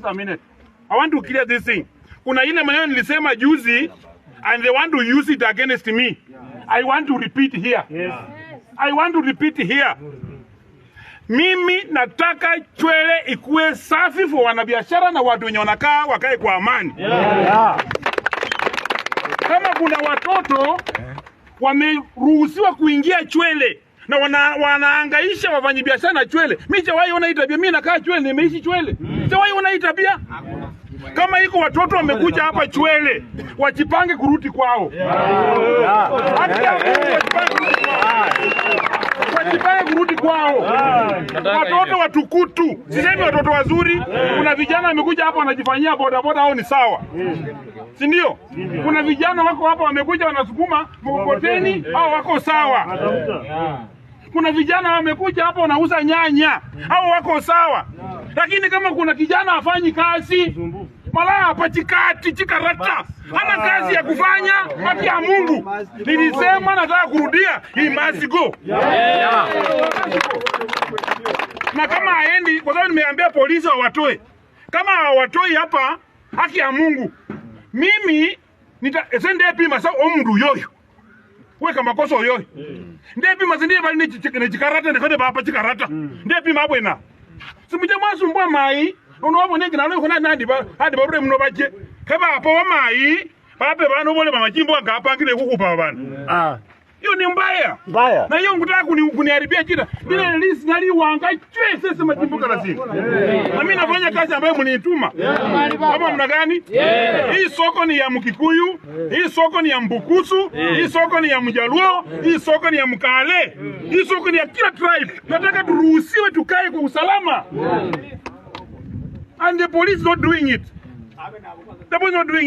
just a minute. I want to clear this thing. Kuna ile maneno nilisema juzi and they want to use it against me. I want to repeat here. I want to repeat here. Mimi nataka Chwele ikuwe safi for wanabiashara na watu wenye wanakaa wakae kwa amani. Kama kuna watoto eh. wameruhusiwa kuingia Chwele na wana, wanaangaisha biashara na chwele. Mimi sijawahi ona itabia, tabia. Mimi nakaa chwele, nimeishi chwele. Sijawahi ona itabia Kama iko watoto wamekuja hapa chwele, wajipange kurudi kwao. Wajipange kurudi kwao. Watoto watukutu, sisemi watoto wazuri. Kuna vijana wamekuja hapa wanajifanyia bodaboda, hao ni sawa si ndio? Kuna vijana wako hapa wamekuja wanasukuma mkokoteni, hao wako sawa. Kuna vijana wamekuja hapa wanauza nyanya au wako sawa, lakini kama kuna kijana hafanyi kazi malaya apachikati chikarata hana kazi ya kufanya haki ya Mungu. Nilisema nataka kurudia hii go na kama aendi kwa sababu nimeambia polisi wawatoe. Kama hawatoi hapa haki ya Mungu, mimi nitaesende pima sa omndu yoyo wekamakoso yoyo ndepi mazi ndiye vali nechikarata ndekade vapa chikarata ndepi mabwena simuche mwasumbwa mai unowavonenjinaloikonaandi varure muno vache kavapa wamai vape vanovole vamachimbo vagapangire kukupa vanhu ah. hiyo ni mbaya mbaya, na hiyo ngutaka kuniharibia jina ile list wanga chwe sasa majimbuka na zini, na mimi nafanya kazi ambayo mnituma kama mna gani. Hii soko ni ya Mkikuyu, hii soko ni ya Mbukusu, hii soko ni ya Mjaluo, hii soko ni ya Mkale, hii soko ni ya kila tribe. Nataka turuhusiwe tukae kwa usalama, and the police not doing it, the police not doing it.